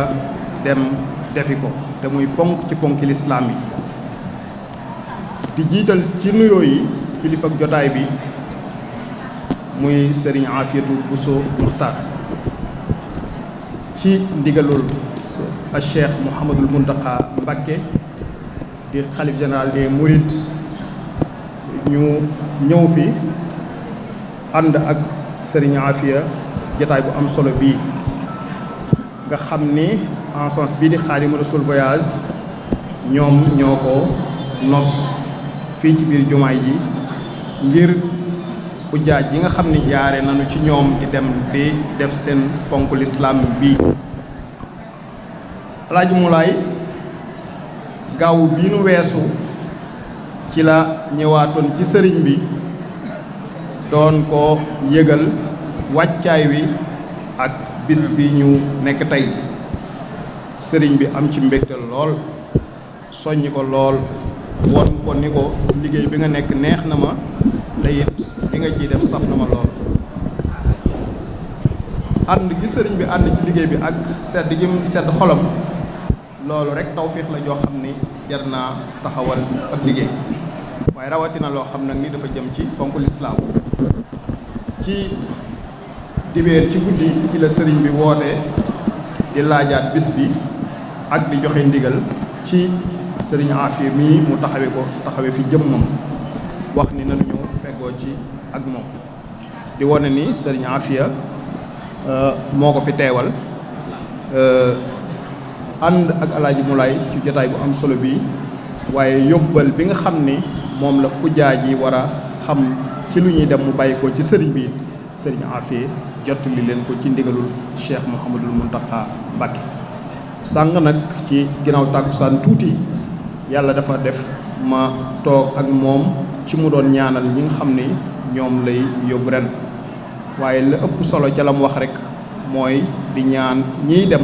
dem defi ko te muy ponk ci ponki lislaam yi di jiital ci nuyoo yi kilifa jotaay bi muy sëriñ Afiyatou Bousso Muxtaar ci ndigalul a cheikh Mouhamadul Mountakha Mbacké di xalif général des Mourides ñu ñëw fi ànd ak sëriñ Afiya jataay bu am solo bii nga xam ni en sens bii di Xaadimu Rasuul voyage ñoom ñoo ko nos fii ci biir jumaay ji ngir ujaaj yi nga xam ni jaare nanu ci ñoom di dem di def seen ponk lislaam bii alaaji mulaay gaaw bi nu weesu ci la ñëwaatoon ci sëriñ bi doon ko yëgal wàccaay wi ak bis bi ñu nekk tey sëriñ bi am ci mbégte lool soññ ko lool won ko ni ko liggéey bi nga nekk neex na ma te bi nga def saf na ma lool ànd gi sëriñ bi ànd ci liggéey bi ak sedd gi mu sedd xolam loolu rek tawféex la joo xam ni jar naa taxawal ak liggéey waaye rawatina loo xam nag ni dafa jëm ci ponk lislaam ci dibéer ci guddi ci la sëriñ bi woote di laajaat bis bi ak di joxe ndigal ci sëriñ Afia mii mu taxawe ko taxawe fi jëmmam wax ni nanuñu feggoo ci ak moom di wane ni sëriñ Afia euh, moo ko fi teewal euh, ànd ak alaaji Mulaay ci jotaay bu am solo bi waaye yóbbal bi nga xam ni moom la kujaa ji war a xam ci lu ñuy dem mu bàyyikoo ko ci sëriñ bi sëriñ Afia jottali leen ko ci ndigalul Cheikh Mouhamadul Mountakha Mbacké sàng nag ci ginnaaw tàkkusaan tuuti yàlla dafa def ma toog ak moom ci mu doon ñaanal ñi nga xam ni ñoom lay yóbbu ren waaye la ëpp solo ca la mu wax rek mooy di ñaan ñiy dem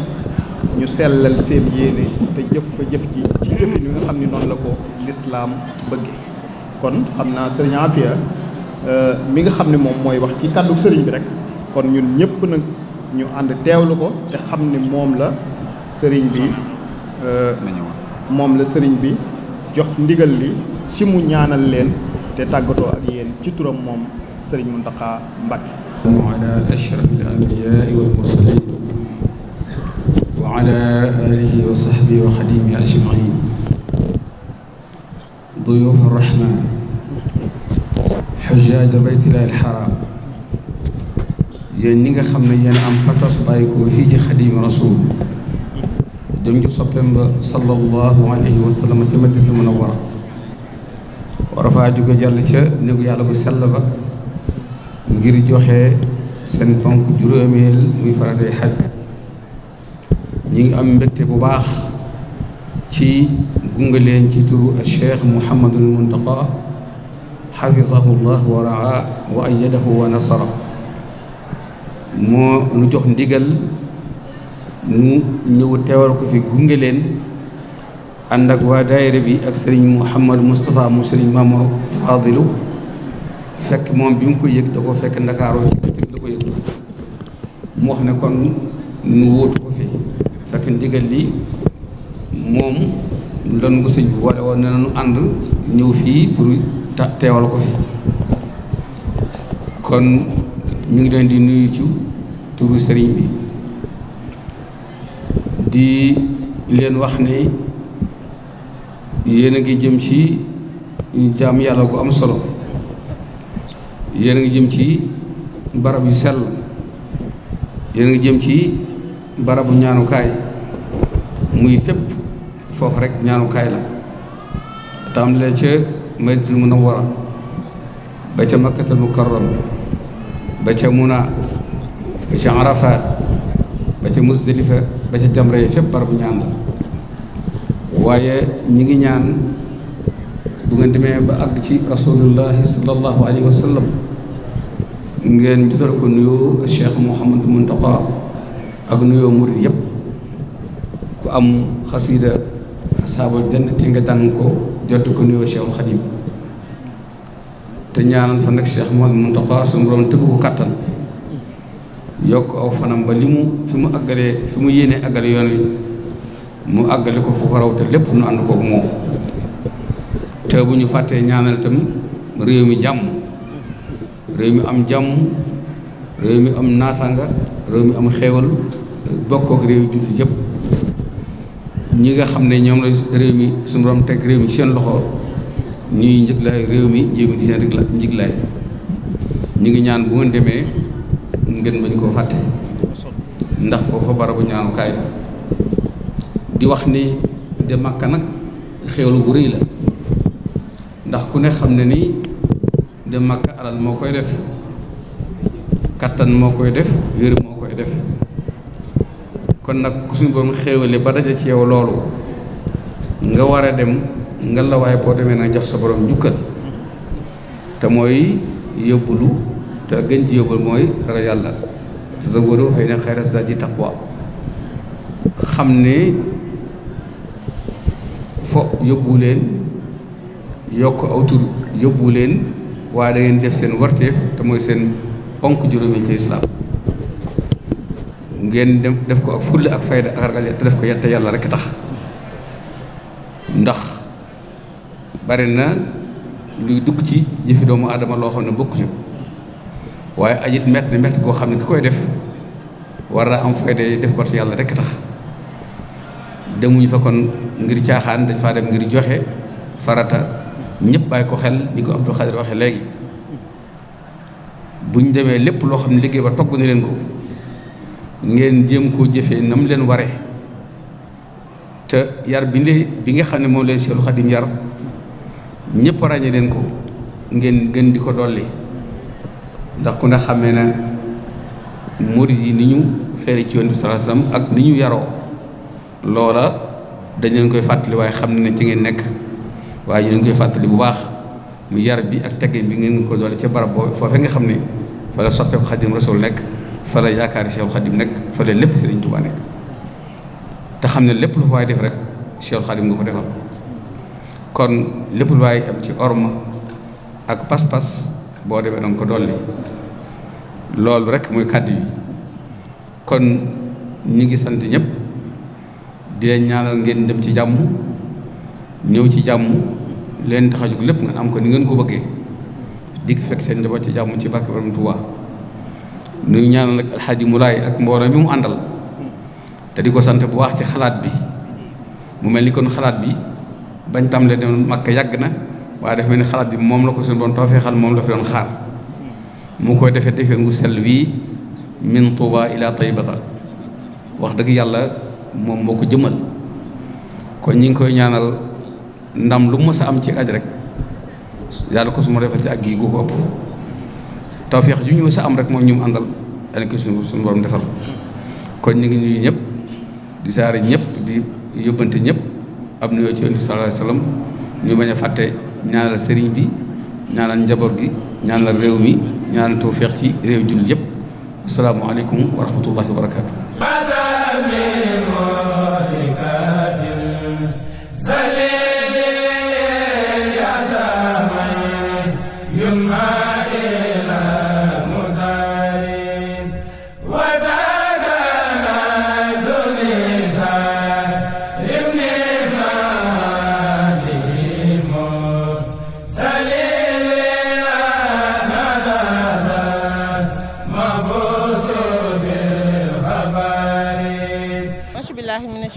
ñu sellal seen yéene te jëf fa jëf ji ci jëfin wi nga xam ni noonu la ko lislaam bëgge kon xam naa sëriñ Afia euh, mi nga xam ne moom mooy wax ci kàddu sëriñ bi rek kon ñun ñëpp nag ñu ànd teewlu ko te xam ni moom la sëriñ bi euh, moom la sëriñ bi jox ndigal li ci mu ñaanal leen te tàggatoo ak yéen ci turam moom sëriñ Muntaxa Mbàkke wa ala ashrafil anbiyaa wal mursaliin wa ala aalihi wa sahbihi wa xadiimihi ajmaiin duyuufa rahmaan xujjaaj baytillaahil xaraam yéen ñi nga xam ne yéen am patas bàyyi ko fii ci xadiimi rasuul dem ju soppeem ba sallallahu alayhi wa sallam ci Madina Munawwara war a faa jóge jàll ca néegu yàlla bu sell ba ngir joxe seen ponk juróomeel muy faratay xaj ñi ngi am mbégte bu baax ci gunge leen ci turu cheikh Mouhamadul Muntaqa xafizahu llah wa raa wa ayadahu wa nasara moo nu jox ndigal nu ñëw teewal ko fi gunge ànd ak waa daayira bi ak sëriñ Mouhamadou Moustapha mu sëriñ Mamour Fadilu fekk moom bi mu ko yëg da ko fekk Ndakaaroo ci bëccëg da ko yëg mu wax ne kon nu wóotu ko fi fekk ndigal li moom doon ko sëñ bi boole woon ne nu ànd ñëw fii pour teewal ko fi kon ñu ngi leen di nuyu ci turu sëriñ bi di leen wax ne yéen a ngi jëm ci jaam yàlla gu am solo yéen a ngi jëm ci barab sel sell yéen a ngi jëm ci barabu ñaanukaay muy fépp foofu rek ñaanukaay la tàmbalee ca Madinatul Munawwara ba ca Makkatul Mukarram ba ca Muna ba ca Arafat ba ca Muzdalifa ba ca Jamra fépp barabu ñaan waaye ñi ngi ñaan bu ngeen demee ba àgg ci rasulullahi sallallahu alayhi wa ngeen jotal ko nuyoo cheikh Mouhamadou Mountakha ak nuyoo murid yëpp ku am xasida saabal jannati nga dàng ko jot ko nuyoo cheikh Xadim te ñaanal fa nag cheikh ko kattan yokk aw fanam ba li mu fi mu àggalee fi mu yéenee àggale yoon wi mu àggale ko fu ko te lépp nu ànd koog moom te bu ñu fàttee ñaanal tam réew mi jàmm réew mi am jàmm réew mi am naataanga réew mi am xéewal bokk ak réew jullit yëpp ñi nga xam ne ñoom la réew mi suñu borom teg réew mi seen loxo ñuy njëglaay réew mi jéem di seen rek njëglaay ñu ngi ñaan bu ngeen demee ngeen bañ koo fàtte ndax foofa barabu ñaanukaay di wax ni de Makka nag xéewlu bu rëy la ndax ku ne xam ne ni de Makka alal moo koy def kattan moo koy def wér moo koy def kon nag ku suñu borom xéewale ba daje ci yow loolu nga war a dem nga la waaye boo demee nag jox sa borom njukkal te mooy yóbbulu te gën ji yóbbul mooy ragal yàlla te sa wóoru fay ne xayra zaadi taqwa xam ne yóbbu yokk aw tur leen waaye dangeen def seen warteef te mooy seen ponk juróomi ci islaam ngeen dem def ko ak fulla ak fayda ak ragal te def ko yàlla rek tax ndax bari na luy dugg ci jëfi doomu aadama loo xam ne bokk waaye ajit mett ne mett koo xam ne ki koy def war naa am fayda def ko te yàlla rek tax demuñu fa kon ngir caaxaan dañ faa dem ngir joxe farata ñëpp bàyyi ko xel ni ko Abdou Khadir waxee léegi bu ñu demee lépp loo xam ne liggéey ba togg na leen ko ngeen jéem koo jëfee nam leen ware te yar bi bi nga xam ne moom leen Seexul Xadim yar ñépp ràññee leen ko ngeen gën di ko dolli ndax ku ne xamee na murid yi ni ñu xeere ci yoon bi sallallahu ak ni ñu yaroo loola dañ leen koy fàttali waaye xam ne ci ngeen nekk waaye ñu leen koy fàttali bu baax mu yar bi ak teggin bi ngeen ko doole ca barab boobu foofee nga xam ne fa la soppeeku xadim rasul nekk fa la yaakaari Cheikh Xadim nekk fa la lépp Sëriñ Tuubaa nekk te xam ne lépp lu fa def rek Cheikh Xadim nga ko defal kon lépp lu waay am ci orma ak pas-pas boo demee danga ko dolli loolu rek mooy kàdd bi kon ñu ngi sant ñëpp. di leen ñaanal ngeen dem ci jàmm ñëw ci jàmm leen tax a lépp ngeen am ko ni ngeen ko bëggee dikk fekk seen njaboot ci jàmm ci barke Borom Tuubaa nuy ñaanal nag alxaaji Mulaay ak mbooloo mi mu àndal te di ko sant bu baax ci xalaat bi mu mel ni kon xalaat bi bañ tàmbalee dem Makka yàgg na waaye dafa mel ni xalaat bi moom la ko suñu doon toofeexal moom la fi doon xaar mu koy defee defee ngu sell wii min Tuubaa ilaa wax dëgg yàlla moom moo ko jëmal kon ñi ngi koy ñaanal ndam lu mës a am ci aj rek yàlla ko su ma defal ci ak gi gu ko ëpp tawféex yu ñu mës a am rek moom ñu mu àndal yàlla ko suñu suñu defal kon ñu ngi nuyu ñëpp di saare ñëpp di yóbbante ñëpp am nuyoo ci yonent bi sallallahu alayhi ñu bañ a fàtte ñaanal sëriñ bi ñaanal njaboot gi ñaanal réew mi ñaanal feex ci réew jullit yëpp asalaamaaleykum aleykum rahmatullahi wa barakaatu.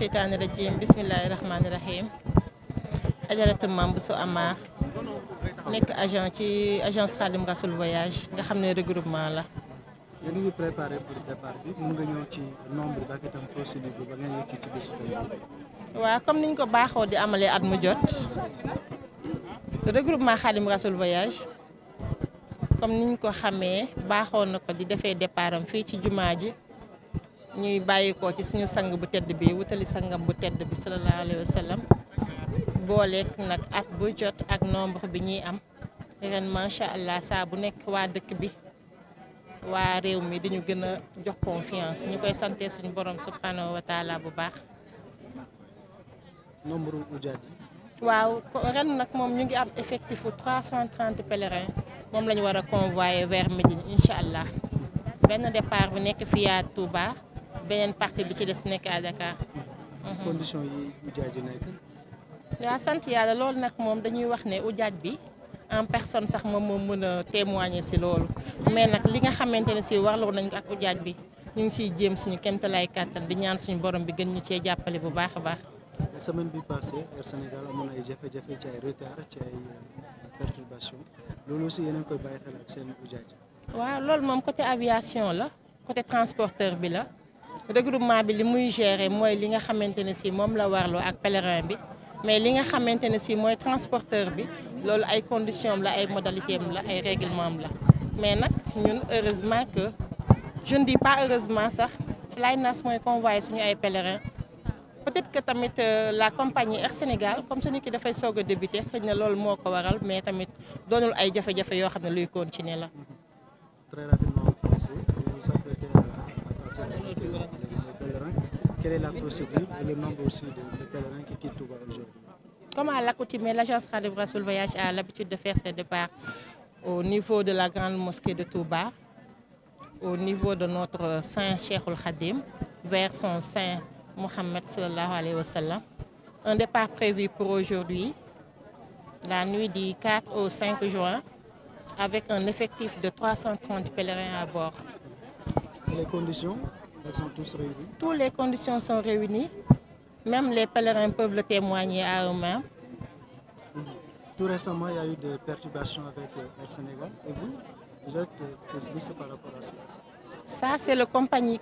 seytaani rajiim bismillaahi rahmaani rahiim ajaratu maam bu su amaa nekk agent ci agence Khadim Rassoul voyage nga xam ne regroupement la. yéen ngi préparé pour ba ko baaxoo di amalee at mu jot regroupement Khadim Rassoul voyage comme niñ ko xamee baaxoo na ko di defee départam fii ci jumaa ji. ñuy bàyyikoo ci suñu sang bu tedd bi wutali sangam bu tedd bi sallallahu alayhi wa sallam booleeg nag at bu jot ak nombre bi ñuy am ren macha allah saa bu nekk waa dëkk bi waa réew mi dañu gën a jox confiance ñu koy sante suñu borom subhanahu wa bu baax. nombre ujaat yi waaw ren nag moom ñu ngi am effectif bu 330 pèlerins moom la ñu war a convoyer vers Médine incha allah benn départ bu nekk fii à Touba. beneen parti bi ci des nekk à Dakar. condition yi ujaaj yi nekk. waaw sant yàlla loolu nag moom dañuy wax ne ujaaj bi en personne sax moom moo mën a témoigner si loolu mais nag li nga xamante ne si warloo nañ ko ak ujaaj bi ñu ngi siy jéem suñu kéemtalaay kàttan di ñaan suñu borom bi gën ñu cee jàppale bu baax a baax. semaine bi passée Air Sénégal amoon ay jafe-jafe ci ay retard ci ay euh, perturbation loolu si yéen a ngi koy bàyyi xel ak seen ujaaj. waaw loolu moom côté aviation la côté transporteur bi la. regroupement bi li muy gérer mooy li nga xamante ne si moom la warloo ak pèlerin bi mais li nga xamante ne si mooy transporteur bi loolu ay conditions la ay modalités la ay règlement la mais nag ñun heureusement que je ne dis pas heureusement sax Flynas mooy convoyé suñu ay pèlerins peut-être que tamit euh, la compagnie Air Sénégal comme suñu ki dafay soog a débuté xëy na loolu moo ko waral mais tamit doonul ay jafe-jafe yoo xam ne luy continuer la. Très rapidement, Quelle est la procédure et le nombre aussi de pèlerins qui quittent Touba aujourd'hui Comme à l'accoutumée, l'agence Radio Brassoul Voyage a l'habitude de faire ses départs au niveau de la grande mosquée de Touba, au niveau de notre saint Cheikhoul Khadim, vers son saint Mohammed sallallahu alayhi wa Un départ prévu pour aujourd'hui, la nuit du au juin, avec un effectif de 330 pèlerins à bord. les conditions, elles sont toutes réunies Toutes les conditions sont réunies. Même les pèlerins peuvent le témoigner à eux-mêmes. Tout récemment, il y a eu des perturbations avec Air euh, Sénégal. Et vous, vous êtes euh, pessimiste par rapport à ça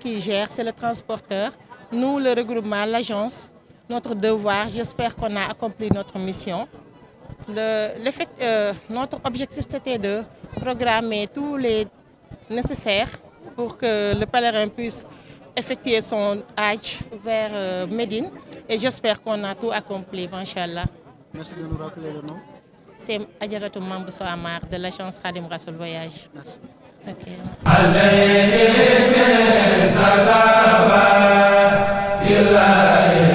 qui gère, le transporteur. Nous, le regroupement, l'agence, notre devoir, j'espère qu'on a accompli notre mission. Euh, notre objectif, c'était de programmer tous les nécessaires pour que le pèlerin puisse effectuer son hajj vers euh, Médine et j'espère qu'on a tout accompli, Inch'Allah. Merci de nous rappeler le nom. de l'agence Khadim Rassoul Voyage. Merci. Okay, merci.